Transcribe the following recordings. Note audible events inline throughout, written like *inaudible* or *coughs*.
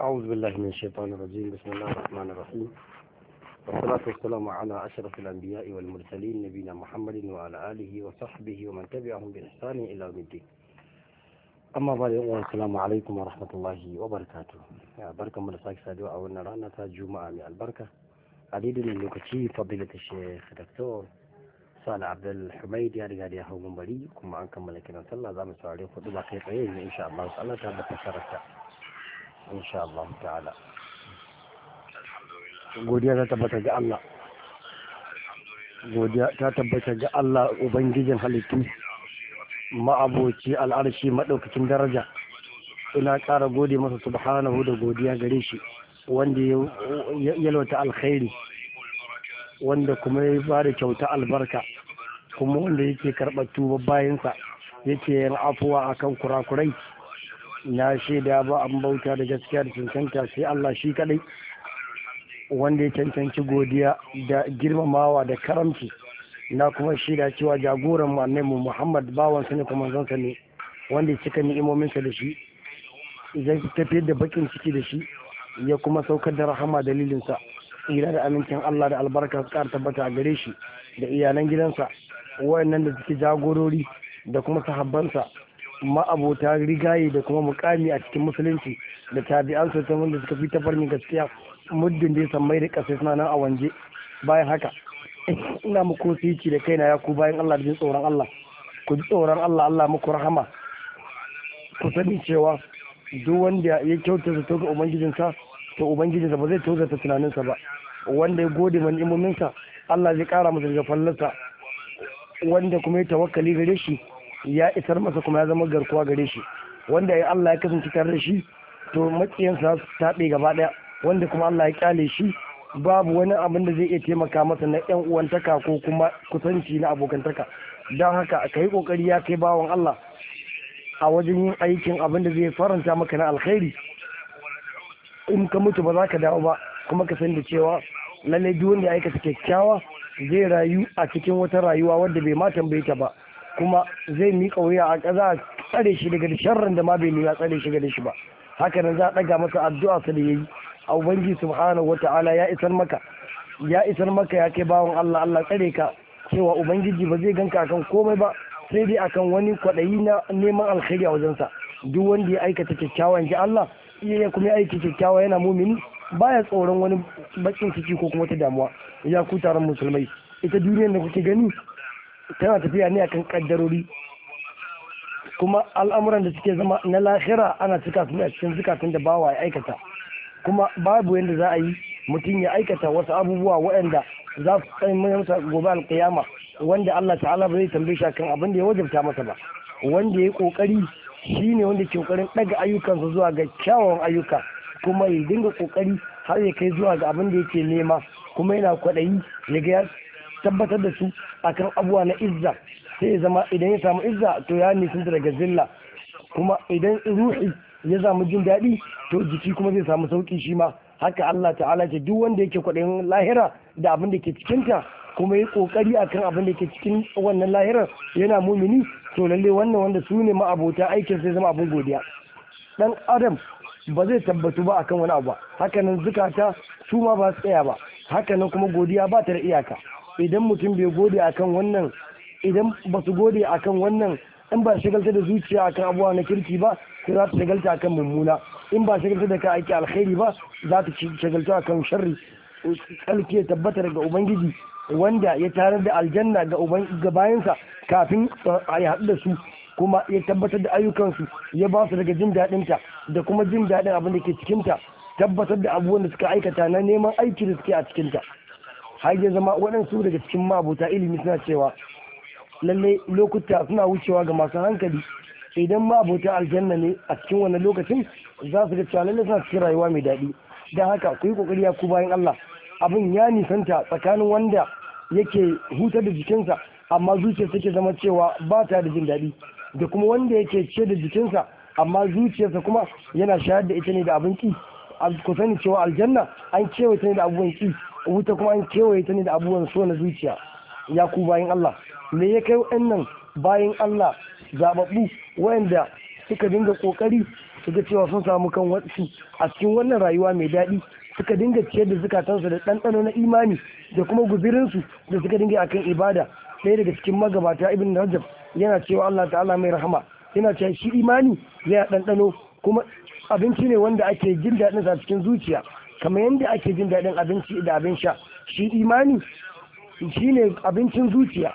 أعوذ بالله من الشيطان الرجيم بسم الله الرحمن الرحيم والصلاة والسلام على أشرف الأنبياء والمرسلين نبينا محمد وعلى آله وصحبه ومن تبعهم بإحسان إلى يوم الدين أما بعد السلام عليكم ورحمة الله وبركاته يا بركة من ساك سادوا أولنا رانا جمعة من البركة عديد من لوكتي فضيلة الشيخ دكتور صالح عبد الحميد يا رجال يا هو مري كما أنكم ملكنا صلى الله عليه وسلم إن شاء الله تعالى تبارك insha Allah ta'ala godiya ta tabbata ga Allah godiya ta tabbata ga Allah ubangijin halittu ma'aboci al'arshi madaukakin daraja ina ƙara gode masa subhanahu da godiya gare shi wanda ya alkhairi wanda kuma ya ba da kyauta albarka kuma wanda yake karɓar tuba bayansa yake yin afuwa akan kurakurai na shaida ba an bauta da gaskiya da cancanta sai Allah shi kadai wanda ya cancanci godiya da girmamawa da karamci na kuma shaida cewa jagoran mu annabi Muhammad bawan sa ne kuma manzon sa ne wanda ya cika ni'imomin da shi zai tafiyar da bakin ciki da shi ya kuma saukar da rahama dalilin sa da amincin Allah da albarka su ƙara tabbata a gare shi da iyalan gidansa wayannan da suke jagorori da kuma sahabbansa ma'abota rigaye da kuma mukami a cikin musulunci da tabi'an su wanda suka fi ta tafarni gaskiya muddin da ya san mai da kasai suna nan a wanje bayan haka ina muku siki da kaina ya ku bayan Allah da tsoron Allah ku ji tsoron Allah Allah muku rahama ku sani cewa duk wanda ya kyauta zato ga ubangijinsa to ubangijinsa ba zai tozata tunaninsa ba wanda ya gode man imominsa Allah zai kara masa daga fallarsa wanda kuma ya tawakkali gare shi ya isar masa kuma ya zama garkuwa gare shi wanda ya Allah ya kasance tare da shi to za su taɓe gaba ɗaya wanda kuma Allah ya kyale shi babu wani abin da zai iya taimaka masa na yan uwantaka ko kuma kusanci na abokantaka don haka ka yi ƙoƙari ya kai bawan Allah a wajen yin aikin abin da zai faranta maka na alkhairi in ka mutu ba za ka dawo ba kuma ka san da cewa lallai duk wanda ya aikata kyakkyawa zai rayu a cikin wata rayuwa wadda bai ma tambaye ta ba kuma zai miƙa wuya a ƙaza tsare shi daga sharrin da ma bai nuna tsare shi gare shi ba haka nan za a ɗaga masa addu'a su da yayi a ubangi subhanahu wata'ala ya isar maka ya isar maka ya kai bawan Allah Allah tsare ka cewa ubangiji ba zai ganka akan komai ba sai dai akan wani kwaɗayi na neman alkhairi a wajensa duk wanda ya aikata kyakkyawan ji Allah iya kuma aiki kyakkyawa yana mumini baya tsoron wani bakin ciki ko kuma ta damuwa ya ku taron musulmai ita duniyar da kuke gani tana tafiya ne akan kaddarori kuma al'amuran da suke zama na lahira ana cika su ne a cikin zukatun da bawa ya aikata kuma babu yadda za a yi mutum ya aikata wasu abubuwa waɗanda za su tsaye masa gobe alƙiyama wanda Allah ta'ala ba zai tambaye shi akan abin da ya wajabta masa ba wanda ya yi shi ne wanda ke kokarin ɗaga ayyukansa zuwa ga kyawawan ayyuka kuma ya dinga ƙoƙari har ya kai zuwa ga abin da yake nema kuma yana kwaɗayi ya ga tabbatar da su akan abuwa na izza sai ya zama idan ya samu izza to ya nisanta daga zilla kuma idan ruhi ya samu jin daɗi to jiki kuma zai samu sauƙi shi ma haka Allah ta'ala ce duk wanda yake kwaɗayin lahira da abin da ke cikinta kuma ya ƙoƙari a kan abin da ke cikin wannan lahirar yana mumini to lalle wannan wanda su ne ma'abota aikin sai zama abin godiya dan adam ba zai tabbatu ba akan wani abu ba hakanan zukata su ma ba su tsaya ba hakanan kuma godiya ba ta da iyaka idan mutum bai gode akan wannan idan ba su gode akan wannan in ba shagalta da zuciya akan abubuwa na kirki ba sai za ta shagalta akan mummuna in ba shagalta da ka aiki alkhairi ba za ta shagalta akan sharri tsarki ya tabbata daga ubangiji wanda ya tarar da aljanna ga bayansa kafin a yi haɗu da su kuma ya tabbatar da ayyukansu ya ba su daga jin daɗinta da kuma jin daɗin abin da ke cikinta tabbatar da abubuwan da suka aikata na neman aiki da suke a cikinta har ya zama waɗansu daga cikin mabuta ilimi suna cewa lallai lokuta suna wucewa ga masu hankali idan mabuta aljanna ne a cikin wannan lokacin za su ga cewa lallai suna cikin rayuwa mai daɗi don haka ku yi ƙoƙari ya ku bayan Allah abin ya nisanta tsakanin wanda yake hutar da jikinsa amma zuciyarsa take zama cewa ba ta da jin daɗi da kuma wanda yake ce da jikinsa amma zuciyarsa kuma yana shayar da ita ne da abin ki ku sani cewa aljanna an kewaye ta ne da abubuwan ki wuta kuma an kewaye ta ne da abubuwan so na zuciya ya ku bayan Allah me ya kai wa'annan bayan Allah zababbu wayanda suka dinga kokari suka cewa sun samu kan wasu a cikin wannan rayuwa mai daɗi suka dinga ciyar da zukatansu da ɗanɗano na imani da kuma guzirinsu da suka dinga akan ibada ɗaya daga cikin magabata ibn rajab yana cewa Allah ta'ala mai rahama yana cewa shi imani yana ɗanɗano kuma abinci ne wanda ake jin daɗin sa cikin zuciya kamar yadda ake jin daɗin abinci da abin sha shi imani shi ne abincin zuciya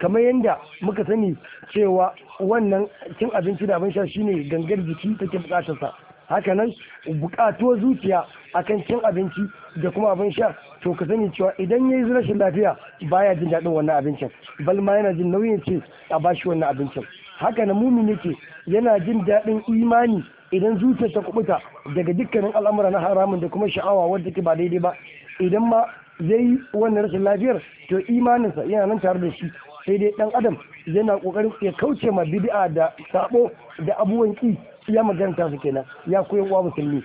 kamar yadda muka sani cewa wannan cin abinci da abin sha ne gangar jiki take bukatarsa hakanan bukatuwa zuciya akan cin abinci da kuma abin sha to ka sani cewa idan ya yi rashin lafiya baya jin daɗin wannan abincin balma yana jin nauyin ce a bashi wannan abincin hakanan na mumin yake yana jin daɗin imani idan zuciyar ta kubuta daga dukkanin al'amura na haramun da kuma sha'awa wadda ke ba daidai ba idan ma zai wannan rashin lafiyar to imaninsa yana nan tare da shi sai dai dan adam yana kokarin ya kauce ma bid'a da sabo da abubuwan ki ya maganta su kenan ya koyan uwa musulmi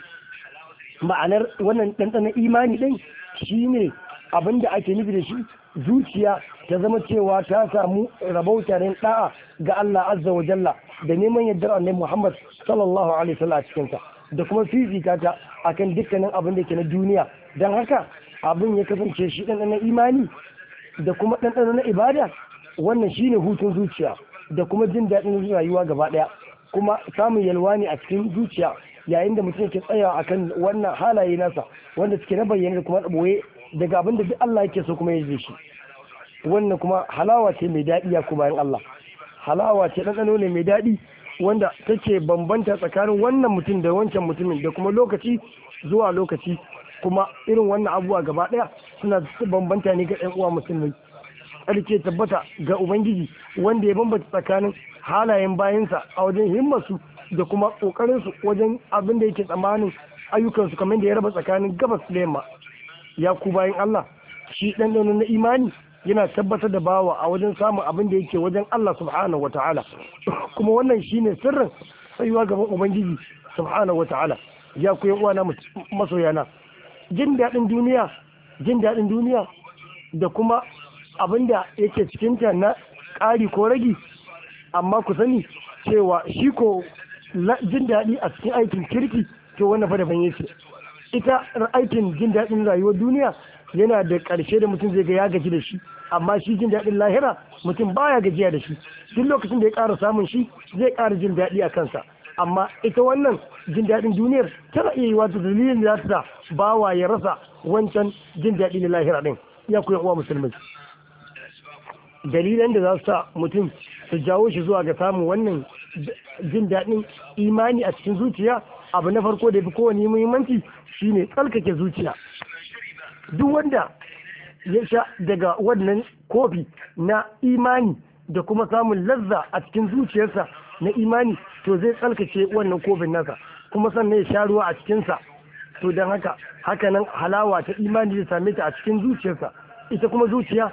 ma'anar wannan ɗanɗanon imani ɗin shine abin da ake nufi da shi zuciya ta zama cewa ta samu rabauta ɗa'a ga Allah azza wa jalla da neman yardar annabi Muhammad sallallahu alaihi wasallam a cikin ta da kuma fifita ta akan dukkanin abin da ke na duniya dan haka abin ya kasance shi dan na imani da kuma dan na ibada wannan shine hutun zuciya da kuma jin daɗin rayuwa gaba ɗaya kuma samun yalwa ne a cikin zuciya yayin da mutum yake tsayawa akan wannan halaye nasa wanda suke na bayyana da kuma ɓoye daga abin da duk Allah yake so kuma ya shi wannan kuma halawa ce mai daɗi ya kuma bayan Allah halawa ce ɗanɗano ne mai daɗi wanda take bambanta tsakanin wannan mutum da wancan mutumin da kuma lokaci zuwa lokaci kuma irin wannan abubuwa gaba ɗaya suna bambanta ne ga ɗan uwa musulmi ƙarke tabbata ga ubangiji wanda ya bambanta tsakanin halayen bayansa a wajen himmarsu da kuma ƙoƙarinsu wajen abin da yake tsammanin ayyukansu kamar da ya raba tsakanin gabas da yamma ya ku bayan allah shi ɗanɗano na imani yana tabbatar da bawa a wajen samun abin da yake wajen Allah subhanahu wata'ala *coughs* kuma wannan shine sirrin tsayuwa gaban ubangiji subhanahu wata'ala ya ku uwana masoyana jin daɗin duniya jin daɗin duniya da kuma abin da yake cikinta na ƙari ko ragi amma ku sani cewa shi ko jin daɗi a cikin aikin kirki to wannan fa daban yake ita aikin jin daɗin rayuwar duniya yana da ƙarshe da mutum zai ga ya gaji da shi amma shi jin daɗin lahira mutum baya gajiya da shi duk lokacin da ya ƙara samun shi zai ƙara jin daɗi a kansa amma ita wannan jin daɗin duniyar tana iya yi wata dalilin da ta bawa ya rasa wancan jin daɗi na lahira ɗin ya koyan uwa musulmai dalilan da za su sa mutum su jawo shi zuwa ga samun wannan jin daɗin imani a cikin zuciya abu na farko da fi kowane muhimmanci shine tsarkake zuciya duk wanda ya sha daga wannan kofi na imani da kuma samun lazza a cikin zuciyarsa na imani to zai tsalkace wannan kofin nasa kuma sannan ya sha ruwa a cikinsa to don haka hakanan halawa ta imani da same ta a cikin zuciyarsa ita kuma zuciya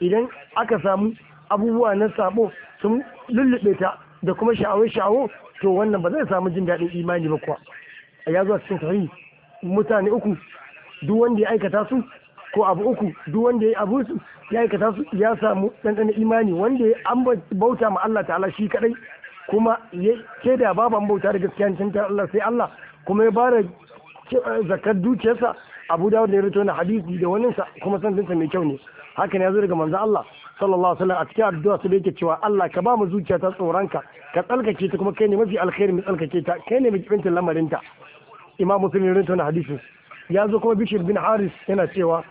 idan aka samu abubuwa na sabo sun lullube ta da kuma sha'awai shaawo to wannan ba zai samu jin daɗin imani ba kuwa a ya zuwa cikin sahihi mutane uku duk wanda ya aikata su ko abu uku duk wanda ya abu su ya aikata su ya samu ɗanɗana imani wanda ya an bauta ma Allah ta'ala shi kadai kuma ya ke da babu an bauta da gaskiya canta Allah sai Allah kuma ya bada eh, zakar dukiyarsa Abu Dawud da ya rito na hadisi da wannan kuma san sanadinsa mai kyau ne hakan ya zo daga manzo Allah sallallahu alaihi wasallam a cikin addu'a sai yake cewa Allah ka ba mu zuciya ta tsoronka ka tsalkake ta kuma kai ne mafi alkhairi mai tsalkake ta kai ne mai kibintin lamarinta Imam Muslim ya rito na hadisi. ya zo kuma bishir bin haris yana cewa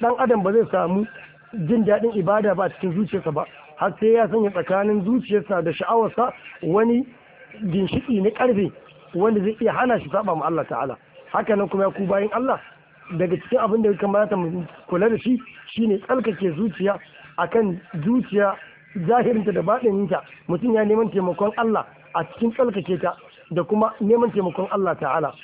ɗan adam ba zai samu jin daɗin ibada ba a cikin zuciyarsa ba har sai ya sanya tsakanin zuciyarsa da sha'awarsa wani ginshiki na ƙarfe wanda zai iya hana shi saba ma Allah ta'ala haka nan kuma ya ku bayan Allah daga cikin abin da kamata mu kula da shi shine tsalkake zuciya akan zuciya zahirinta da baɗininta mutum ya neman taimakon Allah a cikin tsalkake ta da kuma neman taimakon Allah ta'ala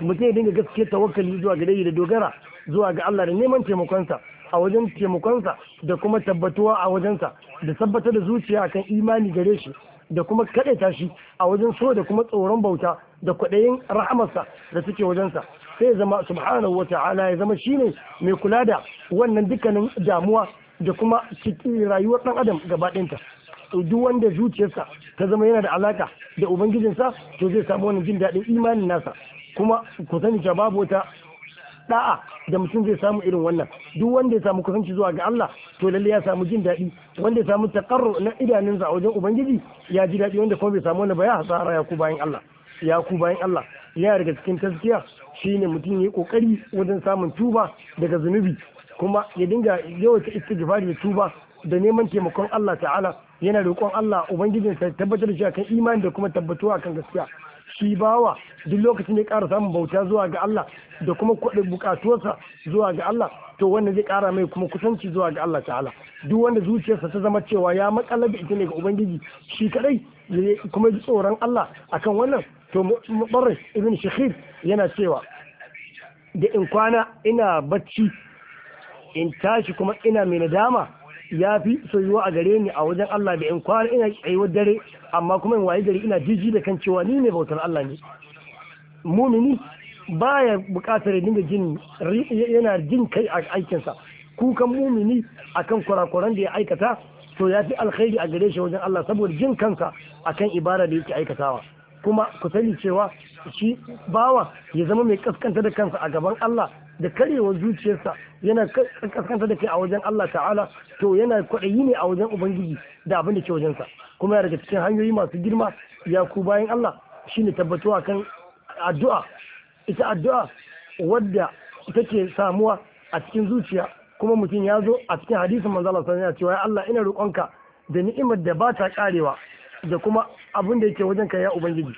mutum ya dinga gaske tawakali zuwa ga da dogara zuwa ga Allah da neman taimakonsa a wajen taimakonsa da kuma tabbatuwa a wajensa da tabbatar da zuciya akan imani gare shi da kuma ta shi a wajen so da kuma tsoron bauta da kwaɗayin rahamarsa da suke wajensa sai zama subhanahu wata'ala ya zama shine mai kula da wannan dukkanin damuwa da kuma rayuwar ɗan adam gaba ɗinta duk wanda zuciyarsa ta zama yana da alaka da ubangijinsa to zai samu wannan jin daɗin imanin nasa kuma ku sani cewa babu wata da'a da mutum zai samu irin wannan duk wanda ya samu kusanci zuwa ga Allah to lalle ya samu jin daɗi wanda ya samu takarru na idanunsa a wajen ubangiji ya ji daɗi wanda kuma bai samu wani ba ya hasara ya ku bayan Allah ya ku bayan Allah ya riga cikin taskiya shine mutum ya yi kokari wajen samun tuba daga zunubi kuma ya dinga yawaita istighfar da tuba da neman taimakon Allah ta'ala yana roƙon Allah ubangijinsa tabbatar da shi akan imani da kuma tabbatuwa kan gaskiya shi bawa duk lokacin ya ƙara samun bauta zuwa ga Allah da kuma kuɗin buƙatuwarsa zuwa ga Allah to wanda zai ƙara mai kuma kusanci zuwa ga Allah ta'ala duk wanda zuciyarsa ta zama cewa ya matsala da ita ne ga ubangiji shi kadai kuma ji tsoron Allah akan wannan to mubarris ibn shakhir yana cewa da in kwana ina bacci in tashi kuma ina mai nadama ya fi soyuwa a gare ni a wajen Allah da in kwana ina tsayuwar dare amma kuma in waye gari ina jiji da kan cewa ni ne bautar Allah ne mumini baya bukatar ya dinga jin yana jin kai a aikinsa kukan mumini akan kurakuran da ya aikata to ya fi alkhairi a gare shi wajen Allah saboda jin kansa akan ibara da yake aikatawa kuma ku sani cewa shi bawa ya zama mai kaskanta da kansa a gaban Allah da karyewar zuciyarsa yana kaskanta da kai a wajen Allah ta'ala to yana kwaɗayi ne a wajen ubangiji da abin da ke wajensa kuma ya daga cikin hanyoyi masu girma ya ku bayan Allah ne tabbatuwa kan addu'a ita addu'a wadda take samuwa a cikin zuciya kuma mutum ya zo a cikin hadisin manzo Allah cewa Allah ina roƙonka da ni'imar da ba ta karewa da kuma abin da yake wajen ya ubangiji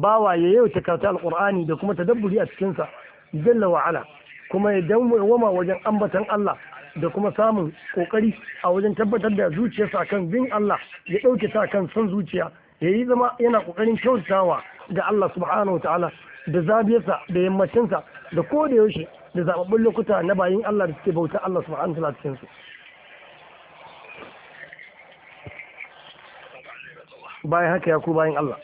bawa ya yau ta karta alkur'ani da kuma tadabburi a cikinsa jalla wa ala kuma ya dawwama wajen ambatan Allah da kuma samun kokari a wajen tabbatar da zuciyarsa kan bin Allah ya dauke ta kan son zuciya ya yi zama yana kokarin kyautawa ga Allah subhanahu wa ta'ala da zabiyarsa da yammacinsa da ko da yaushe da lokuta na bayin Allah da suke bauta Allah subhanahu wa ta'ala cikin bayan haka ya ku bayan Allah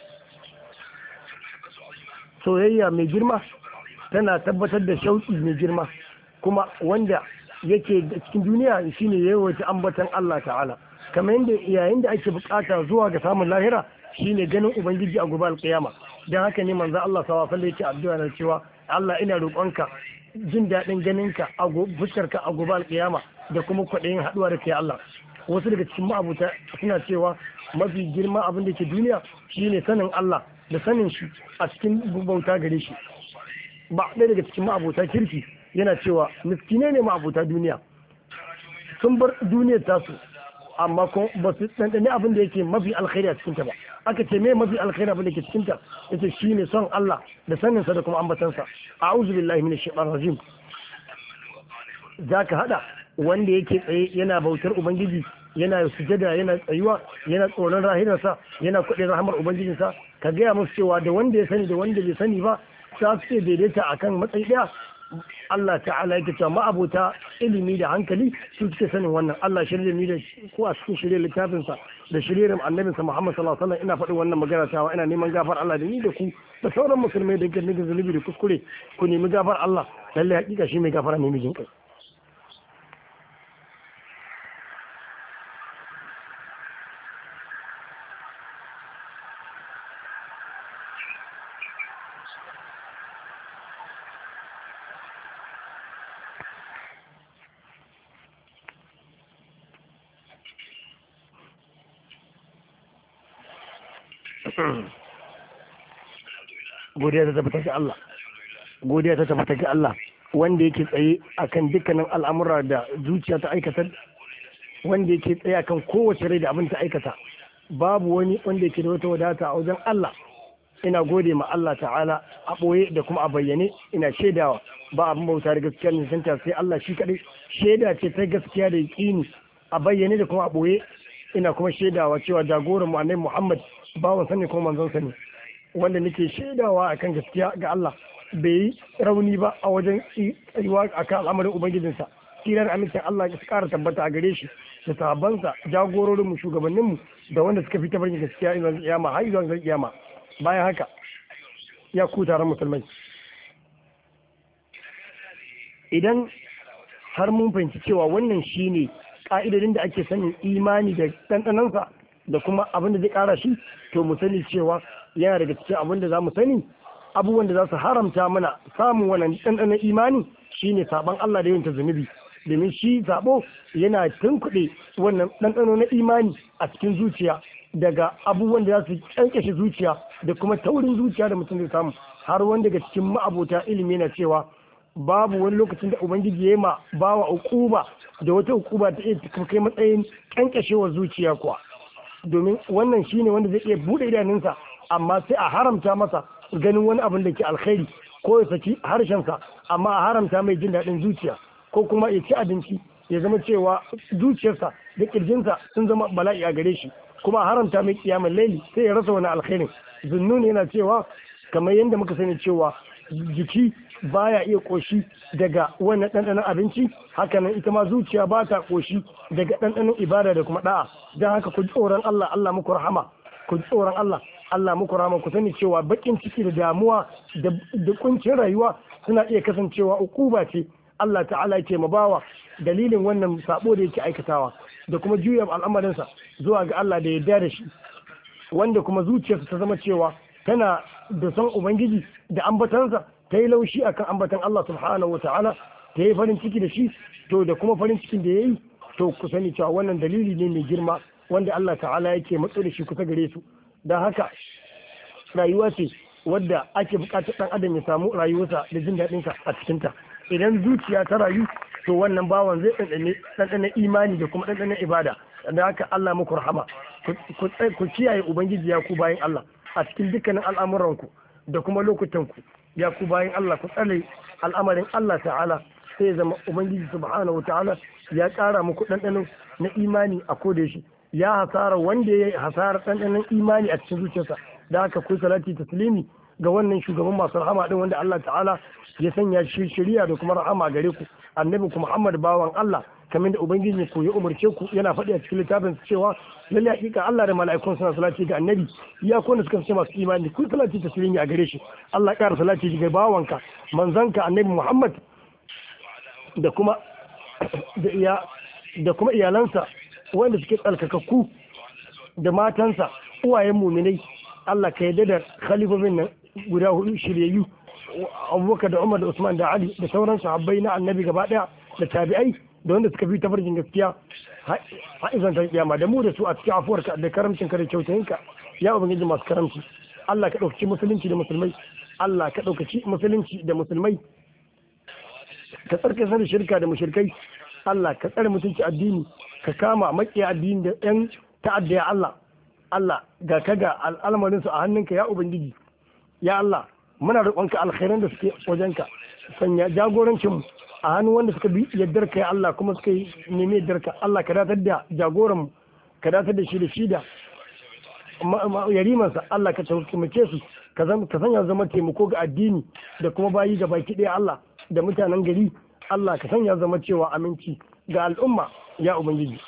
soyayya mai girma tana tabbatar da shauki mai girma kuma wanda yake cikin duniya shine yawaita ambatan Allah ta'ala kamar yadda yayin da ake bukata zuwa ga samun lahira shi ne ganin ubangiji a gobe alkiyama dan haka ne manzo Allah sallallahu da yake addu'a na cewa Allah ina roƙonka jin daɗin ganinka a fuskarka a gobe alkiyama da kuma kwaɗayin haɗuwa da kai Allah wasu daga cikin ma'abuta suna cewa mafi girma abin da ke duniya shine sanin Allah da sanin shi a cikin bauta gare shi ba ɗaya daga cikin ma'abota kirki yana cewa miski ne ne ma'abota duniya sun bar duniyar tasu amma ko ba su ɗanɗane abin da yake mafi alkhairi a cikinta ba aka ce me mafi alkhairi abin da yake cikinta shi ne son Allah da saninsa da kuma ambatansa A'uzu billahi mini shaɓar rajim ka haɗa wanda yake tsaye yana bautar ubangiji yana sujada yana tsayuwa yana tsoron rahinarsa yana kwaɗe rahamar ubangijinsa ka gaya masu cewa da wanda ya sani da wanda bai sani ba ta fi daidaita a kan matsayi ɗaya Allah ta'ala yake cewa ma'abota ilimi da hankali su suke sanin wannan Allah shirya ni da ko a cikin shirya littafinsa da shiryar annabinsa Muhammad sallallahu alaihi wasallam ina faɗin wannan magana tawa ina neman gafar Allah da ni da ku da sauran musulmai da ganin da zunubi da kuskure ku nemi gafar Allah lalle hakika shi mai gafara ne mijin kai *clears throat* godiya ta tabbata ga Allah godiya ta tabbata ga Allah wanda yake tsaye akan dukkanin al'amura da zuciya ta aikata wanda yake tsaye akan kowace rai da abin ta aikata babu wani wanda yake da wata wadata a wajen Allah ina gode ma Allah ta'ala a ɓoye da kuma a bayyane ina shaidawa ba abin bauta da gaskiya ne santa sai Allah shi kaɗai shaida ce ta gaskiya da yaqini a bayyane da kuma a boye ina kuma shaidawa cewa jagoran mu annabi Muhammad bawan sani ko manzon sani wanda nake shaidawa akan gaskiya ga Allah bai yi rauni ba a wajen tsayuwa a kan al'amarin ubangijinsa kiran amincin Allah ya kara tabbata a gare shi da sabonsa jagororin shugabanninmu da wanda suka fi barin gaskiya ina kiyama har zuwa zan kiyama bayan haka ya ku taron musulmai idan har mun fahimci cewa wannan shine ka'idodin da ake sanin imani da ɗanɗanansa da kuma abin da zai kara shi to mu sani cewa yana daga cikin abin da za mu sani abubuwan da za su haramta mana samun wannan ɗanɗanon imani shine saban Allah da yawanta ta zunubi domin shi zaɓo yana tunkuɗe wannan ɗanɗano na imani a cikin zuciya daga abubuwan da za su ƙyanƙyashe zuciya da kuma taurin zuciya da mutum zai samu har wani daga cikin ma'abota ilimi na cewa babu wani lokacin da ubangiji ya yi ma bawa ukuba da wata ukuba ta iya kai matsayin ƙyanƙyashewar zuciya kuwa domin wannan shine wanda zai iya bude idanunsa amma sai a haramta masa ganin wani abin da ke alkhairi ko ya saki harshensa amma a haramta mai jin daɗin zuciya ko kuma ya ci abinci ya zama cewa zuciyarsa da ƙirjinsa sun zama bala'i a gare shi kuma a haramta mai kiyamin laili sai ya rasa wani alkhairin zunnuni yana cewa kamar yadda muka sani cewa jiki baya iya koshi daga wannan ɗanɗanon abinci hakanan ita ma zuciya ba ta koshi daga ɗanɗanon ibada da kuma ɗa'a? don haka ku tsoron Allah Allah muku rahama ku tsoron Allah Allah muku rahama ku sani cewa bakin ciki da damuwa da kuncin rayuwa suna iya kasancewa ukuba ce Allah ta'ala ke bawa dalilin wannan sabo da yake aikatawa da kuma juya al'amarinsa zuwa ga Allah da yarda da shi wanda kuma zuciyarsa ta zama cewa tana da son ubangiji da ambatansa ta yi laushi kan ambatan Allah subhanahu wa ta'ala ta yi farin ciki da shi to da kuma farin cikin da ya yi to ku sani cewa wannan dalili ne mai girma wanda Allah ta'ala yake matso da shi kusa gare su da haka rayuwa ce wadda ake buƙatar ɗan adam ya samu rayuwarsa da jin daɗinsa a cikinta idan zuciya ta rayu to wannan bawan zai ɗanɗanen imani da kuma ɗanɗanen ibada da haka Allah muku rahama ku kiyaye ubangiji ya ku bayan Allah a cikin dukkanin al'amuranku da kuma lokutanku ya ku bayan Allah ku tsare al'amarin Allah ta'ala sai zama ubangiji subhanahu ta'ala ya ƙara muku ɗanɗano na imani a shi. ya hasara wanda ya yi hasarar ɗanɗanon imani a cikin zuciyarsa da haka ku salati taslimi ga wannan shugaban masu rahama din wanda Allah ta'ala ya sanya shi shari'a da kuma rahama gare ku annabi ku Muhammad bawan Allah kamar da ubangiji ku ya umarce ku yana faɗi a cikin littafin cewa lalle hakika Allah da mala'ikun suna salati ga annabi ya kona suka ce masu imani ku salati ta sirri a gare shi Allah ya ƙara salati ga bawanka manzanka annabi Muhammad da kuma da iya da kuma iyalansa wanda suke tsalkakakku da matansa uwayen muminai Allah ka yarda da khalifofin nan guda hudu shiryayyu Abubakar da Umar da Usman da Ali da sauran sahabbai na annabi gaba daya da tabi'ai da wanda suka bi ta farkin gaskiya izan ta kiyama da mu da su a cikin afuwarka da karamcinka da kyautayinka ya ubangiji masu karamci Allah ka ɗaukaci musulunci da musulmai Allah ka ɗaukaci musulunci da musulmai ka tsarka sanar shirka da mushirkai Allah ka tsare mutunci addini ka kama maƙiya addini da ƴan ta'adda ya Allah Allah ga ka ga al'amarin su a hannunka ya ubangiji ya Allah muna roƙonka alkhairan da suke wajenka sanya jagorancin mu a hannu wanda suka bi yaddar kai Allah kuma suka yi nemi yaddar ka Allah ka datar da jagoran ka datar da shi da shi da yarimansa Allah ka taimake su ka sanya zama taimako ga addini da kuma bayi ga baki ɗaya Allah da mutanen gari Allah ka sanya zama cewa aminci ga al'umma ya ubangiji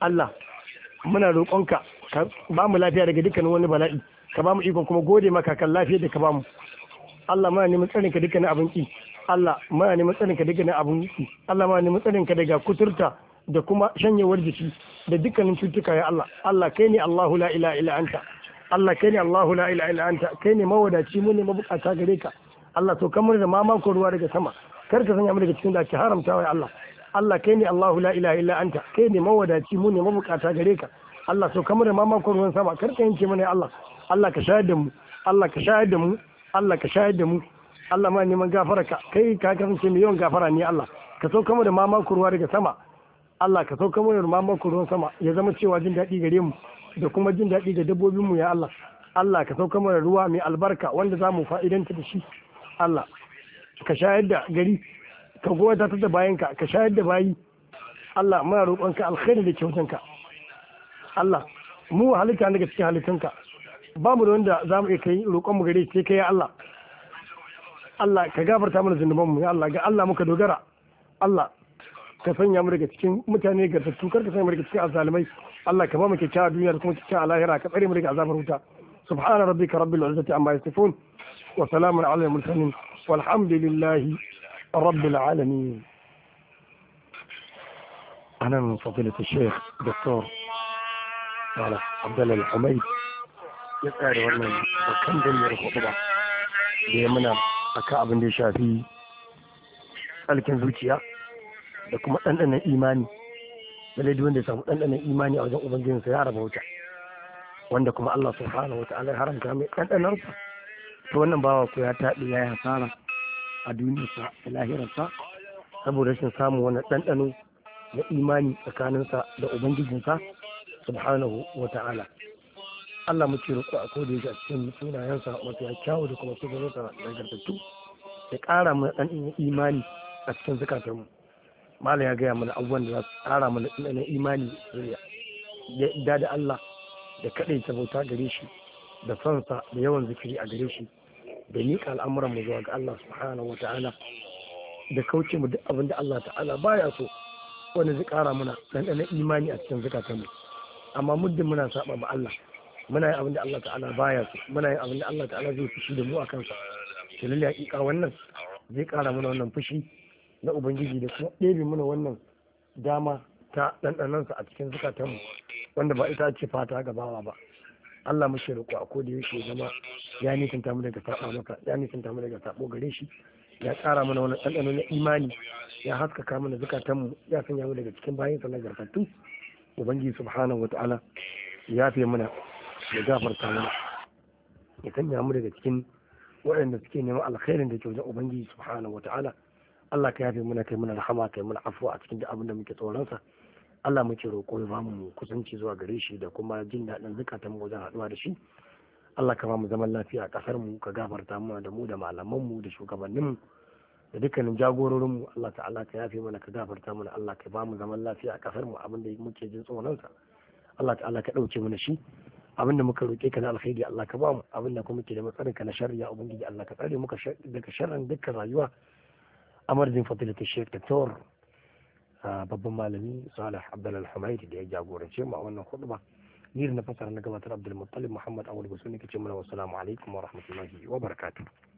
Allah muna roƙonka ka ba mu lafiya daga dukkan wani bala'i ka ba mu ikon kuma gode maka kan lafiyar da ka ba mu Allah muna neman tsarin ka dukkanin abin ki Allah muna neman tsarin ka dukkanin abin ki Allah muna neman tsarin ka daga kuturta da kuma shanyewar jiki da dukkanin cutuka ya Allah Allah kai ne Allahu la ilaha illa anta Allah kai ne Allahu la ilaha illa anta kai ne mawadaci mu ne mabukata gare ka Allah to kamar da maman ko ruwa daga sama kar ka sanya mu daga cikin da ake haramtawa ya Allah Allah kai ne Allahu la ilaha illa anta kai ne mawadaci mu ne mabukata gare ka Allah to kamar da maman ko ruwan sama kar ka yanke mana ya Allah Allah ka shayar da mu Allah ka shayar da mu Allah ka shayar da mu Allah ma neman gafara ka kai ka kasance mai yawan gafara ne Allah ka sauka mu da mamakon ruwa daga sama Allah ka sauka mu da mamakon ruwan sama ya zama cewa jin daɗi gare mu da kuma jin daɗi ga dabbobin mu ya Allah Allah ka sauka mu da ruwa mai albarka wanda za mu fa'idanta da shi Allah ka shayar da gari ka goyata ta da bayanka ka shayar da bayi Allah muna roƙonka alkhairi da kyautanka Allah mu halitta daga cikin halittunka ba mu da wanda za mu iya kai roƙon mu gare sai kai Allah Allah ka gafarta mana zunuban mu ya Allah ga Allah muka dogara Allah ka sanya mu daga cikin mutane ga tattukar ka sanya mu daga cikin azalimai Allah ka ba mu kyakkyawa duniya da kuma kyakkyawa lahira ka tsare mu daga azabar wuta subhana rabbika rabbil izzati amma yasifun wa salamun ala al-mursalin walhamdulillahi rabbil أنا من فضيلة الشيخ دكتور عبد الله الحميد ya tsare wannan bakan dalilin hudu ba da ya muna ka abin da ya shafi tsalkin zuciya da kuma ɗanɗanon imani lallai duk wanda ya samu ɗanɗanon imani a wajen ubangijinsa ya raba wuta wanda kuma Allah subhanahu wa ta'ala ya haramta mai ɗanɗanarsa to wannan bawa ko ya taɗi ya yi hasara a duniyarsa da lahirarsa saboda rashin samun wani ɗanɗano na imani tsakaninsa da ubangijinsa subhanahu wa ta'ala Allah muke roƙo a kodin yake a cikin sunayensa ya kyawu da kuma da nagartattu ya ƙara mana ɗan imani a cikin zukatanmu malam ya gaya mana abubuwan da za su ƙara mana ɗan imani zuriya ya idda da Allah da kaɗai ta bauta gare shi da sansa da yawan zikiri a gare shi da miƙa al'amuran mu zuwa ga Allah subhanahu wa ta'ala da kauce mu duk abin da Allah ta'ala baya so wani zai ƙara mana ɗan imani a cikin zukatanmu amma muddin muna saba ba Allah muna yin abin da Allah ta'ala baya su muna yin abin da Allah ta'ala zai fushi da mu a kansa ta lalle hakika wannan zai kara mana wannan fushi na ubangiji da kuma ɗebe mana wannan dama ta ɗanɗanansa a cikin zukatanmu wanda ba ita ce fata ga bawa ba Allah mu shirku a ko da yake zama ya nisanta mu daga saba maka ya nisanta mu daga sabo gare shi ya kara mana wani ɗanɗano na imani ya haskaka mana zukatanmu ya sanya mu daga cikin bayan sa nagartattu ubangiji subhanahu wa ta'ala ya fi mana ya gafarta mana ya sanya mu daga cikin waɗanda suke neman alkhairin da ke wajen ubangiji subhanahu wataala Allah ka yafe muna kai muna rahama kai muna afuwa a cikin duk abin da muke tsoron sa Allah muke roƙo ya bamu kusanci zuwa gare shi da kuma jin daɗin zukatan mu wajen haɗuwa da shi Allah ka bamu zaman lafiya a ƙasar mu ka gafarta mana da mu da malaman mu da shugabannin mu da dukkanin jagororin mu Allah ta'ala ka yafe mana ka gafarta mana Allah ka bamu zaman lafiya a ƙasar mu abin da muke jin tsoron sa Allah ta'ala ka ɗauke mana shi abin da muka roƙe ka na alkhairi Allah ka ba mu abin da kuma ke da matsarin ka na sharri ya ubangiji Allah ka tsare muka daga sharrin dukkan rayuwa amarjin ta Sheikh tor babban malami Salih Abdul Al-Humaydi da ya jagorance mu a wannan huduma ni na fasara na gabatar Abdul Muttalib Muhammad Awul Basuni kace mana wassalamu alaikum wa rahmatullahi wa barakatuh